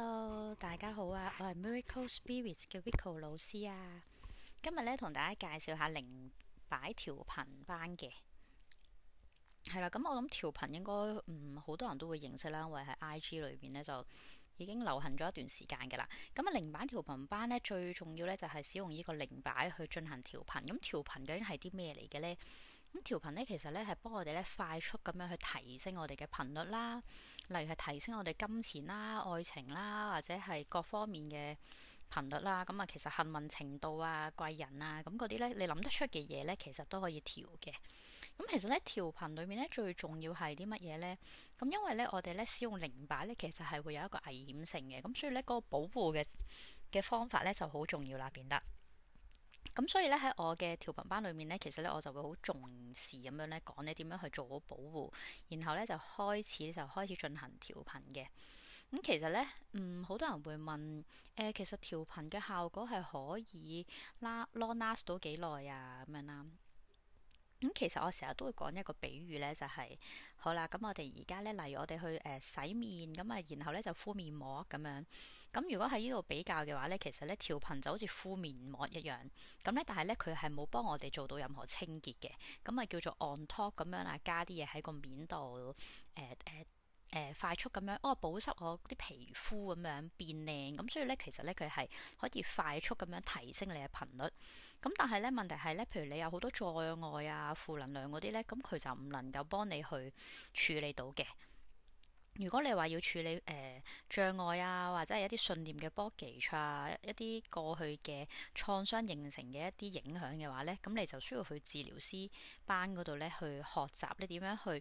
hello，大家好啊，我係 Miracle Spirits 嘅 Vico 老師啊，今日咧同大家介紹下靈擺調頻班嘅，係啦，咁、嗯、我諗調頻應該嗯好多人都會認識啦，因為喺 IG 裏邊咧就已經流行咗一段時間噶啦，咁、嗯、啊靈擺調頻班咧最重要咧就係使用呢個靈擺去進行調頻，咁、嗯、調頻究竟係啲咩嚟嘅呢？咁調頻咧，其實咧係幫我哋咧快速咁樣去提升我哋嘅頻率啦，例如係提升我哋金錢啦、愛情啦，或者係各方面嘅頻率啦。咁啊，其實幸運程度啊、貴人啊，咁嗰啲咧，你諗得出嘅嘢咧，其實都可以調嘅。咁其實咧，調頻裏面咧最重要係啲乜嘢咧？咁因為咧，我哋咧使用靈擺咧，其實係會有一個危險性嘅。咁所以咧，嗰個保護嘅嘅方法咧就好重要啦，先得。咁所以咧，喺我嘅調頻班裏面咧，其實咧我就會好重視咁樣咧，講你點樣去做好保護，然後咧就開始就開始進行調頻嘅。咁其實咧，嗯，好、嗯、多人會問，誒、呃，其實調頻嘅效果係可以拉 long last 到幾耐啊？咁樣啦。咁、嗯、其實我成日都會講一個比喻咧，就係、是、好啦。咁我哋而家咧，例如我哋去誒、呃、洗面，咁、嗯、啊，然後咧就敷面膜咁樣。咁、嗯、如果喺呢度比較嘅話咧，其實咧調頻就好似敷面膜一樣。咁、嗯、咧，但係咧佢係冇幫我哋做到任何清潔嘅。咁、嗯、啊、嗯，叫做 on top 咁樣啊，加啲嘢喺個面度誒誒。呃呃誒、呃，快速咁樣哦，保濕我啲皮膚咁樣變靚咁，所以咧其實咧佢係可以快速咁樣提升你嘅頻率。咁但係咧問題係咧，譬如你有好多在外啊、負能量嗰啲咧，咁佢就唔能夠幫你去處理到嘅。如果你話要處理誒、呃、障礙啊，或者係一啲信念嘅 blockage 啊，一啲過去嘅創傷形成嘅一啲影響嘅話呢，咁你就需要去治療師班嗰度呢，去學習你點樣去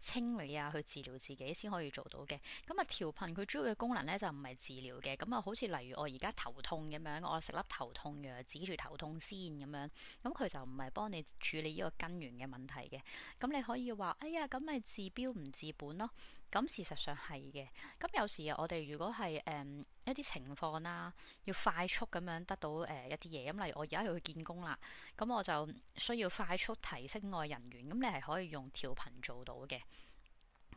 清理啊，去治療自己先可以做到嘅。咁、嗯、啊，調頻佢主要嘅功能呢就唔係治療嘅。咁、嗯、啊，好似例如我而家頭痛咁樣，我食粒頭痛藥止住頭痛先咁樣，咁、嗯、佢就唔係幫你處理呢個根源嘅問題嘅。咁、嗯、你可以話哎呀，咁咪治標唔治本咯。咁事實上係嘅，咁有時我哋如果係誒、嗯、一啲情況啦，要快速咁樣得到誒、呃、一啲嘢，咁例如我而家要去見工啦，咁我就需要快速提升外人員，咁你係可以用調頻做到嘅。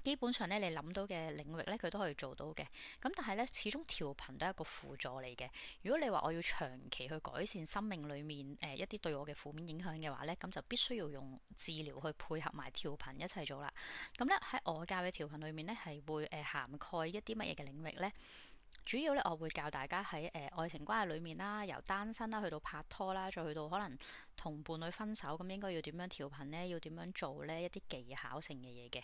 基本上咧，你諗到嘅領域咧，佢都可以做到嘅。咁但係咧，始終調頻都係一個輔助嚟嘅。如果你話我要長期去改善生命裏面誒、呃、一啲對我嘅負面影響嘅話咧，咁就必須要用治療去配合埋調頻一齊做啦。咁咧，喺我教嘅調頻裏面咧，係會誒、呃、涵蓋一啲乜嘢嘅領域呢？主要咧，我會教大家喺誒、呃、愛情關係裏面啦，由單身啦去到拍拖啦，再去到可能同伴侶分手咁，應該要點樣調頻呢？要點樣做呢？一啲技巧性嘅嘢嘅。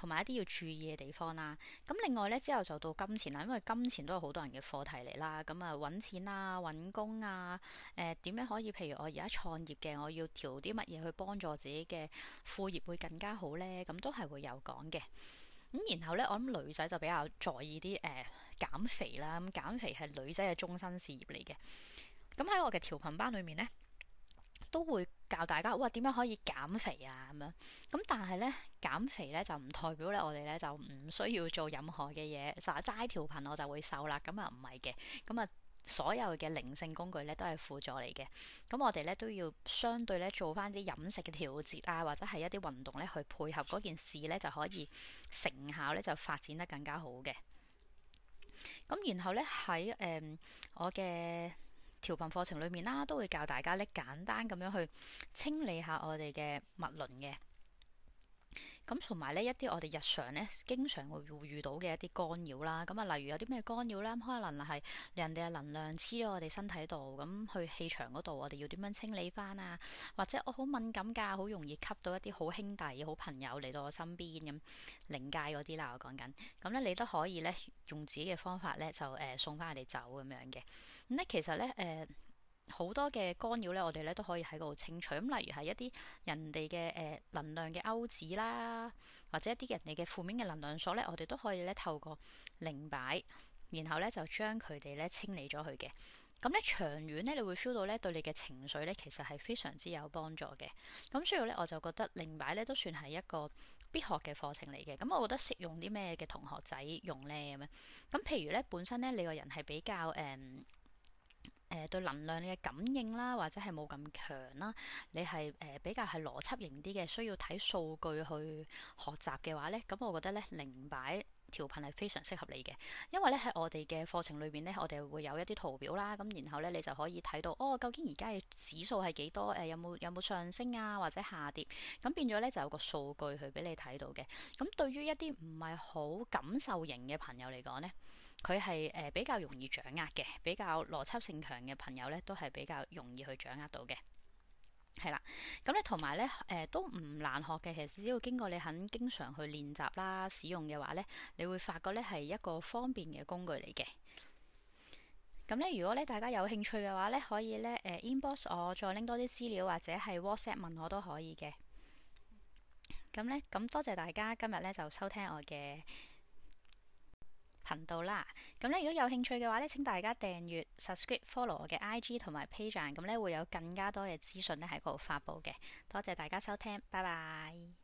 同埋一啲要注意嘅地方啦。咁另外呢，之後就到金錢啦，因為金錢都係好多人嘅課題嚟啦。咁啊，揾錢啊，揾工啊，誒點樣可以？譬如我而家創業嘅，我要調啲乜嘢去幫助自己嘅副業會更加好呢？咁都係會有講嘅。咁然後呢，我諗女仔就比較在意啲誒、呃、減肥啦。咁、嗯、減肥係女仔嘅終身事業嚟嘅。咁喺我嘅調頻班裏面呢，都會，教大家哇，點樣可以減肥啊，咁樣。咁，但係呢，減肥呢就唔代表咧我哋咧就唔需要做任何嘅嘢，就齋調頻我就會瘦啦。咁啊唔係嘅，咁啊所有嘅靈性工具呢都係輔助嚟嘅。咁我哋呢都要相對呢做翻啲飲食嘅調節啊，或者係一啲運動呢去配合嗰件事呢，就可以成效呢就發展得更加好嘅。咁然後呢，喺誒、嗯、我嘅。調頻課程裡面啦，都會教大家咧簡單咁樣去清理下我哋嘅脈輪嘅。咁同埋呢一啲我哋日常呢，經常會遇到嘅一啲干擾啦。咁、嗯、啊，例如有啲咩干擾啦，可能係人哋嘅能量黐咗我哋身體度，咁、嗯、去氣場嗰度，我哋要點樣清理翻啊？或者我好敏感㗎，好容易吸到一啲好兄弟、好朋友嚟到我身邊咁靈界嗰啲啦。我講緊咁呢，你都可以呢，用自己嘅方法呢，就誒、呃、送翻佢哋走咁樣嘅咁咧。其實呢。誒、呃。好多嘅干擾咧，我哋咧都可以喺度清除。咁例如係一啲人哋嘅誒能量嘅勾子啦，或者一啲人哋嘅負面嘅能量鎖咧，我哋都可以咧透過靈擺，然後咧就將佢哋咧清理咗佢嘅。咁、嗯、咧長遠咧，你會 feel 到咧對你嘅情緒咧，其實係非常之有幫助嘅。咁所以咧，我就覺得靈擺咧都算係一個必學嘅課程嚟嘅。咁、嗯、我覺得適用啲咩嘅同學仔用咧咁樣。咁、嗯、譬、嗯、如咧，本身咧你個人係比較誒。嗯誒、呃、對能量你嘅感應啦，或者係冇咁強啦，你係誒、呃、比較係邏輯型啲嘅，需要睇數據去學習嘅話呢。咁我覺得呢，靈擺調頻係非常適合你嘅，因為呢，喺我哋嘅課程裏邊呢，我哋會有一啲圖表啦，咁然後呢，你就可以睇到，哦，究竟而家嘅指數係幾多？誒、呃、有冇有冇上升啊，或者下跌？咁變咗呢，就有個數據去俾你睇到嘅。咁對於一啲唔係好感受型嘅朋友嚟講呢。佢係誒比較容易掌握嘅，比較邏輯性強嘅朋友咧，都係比較容易去掌握到嘅，係啦。咁咧同埋咧誒都唔難學嘅，其實只要經過你肯經常去練習啦、使用嘅話咧，你會發覺咧係一個方便嘅工具嚟嘅。咁咧，如果咧大家有興趣嘅話咧，可以咧誒、呃、inbox 我，再拎多啲資料或者係 WhatsApp 問我都可以嘅。咁咧，咁多謝大家今日咧就收聽我嘅頻道啦，咁咧如果有興趣嘅話咧，請大家訂閱、subscribe、follow 我嘅 IG 同埋 page，咁咧會有更加多嘅資訊咧喺嗰度發布嘅。多謝大家收聽，拜拜。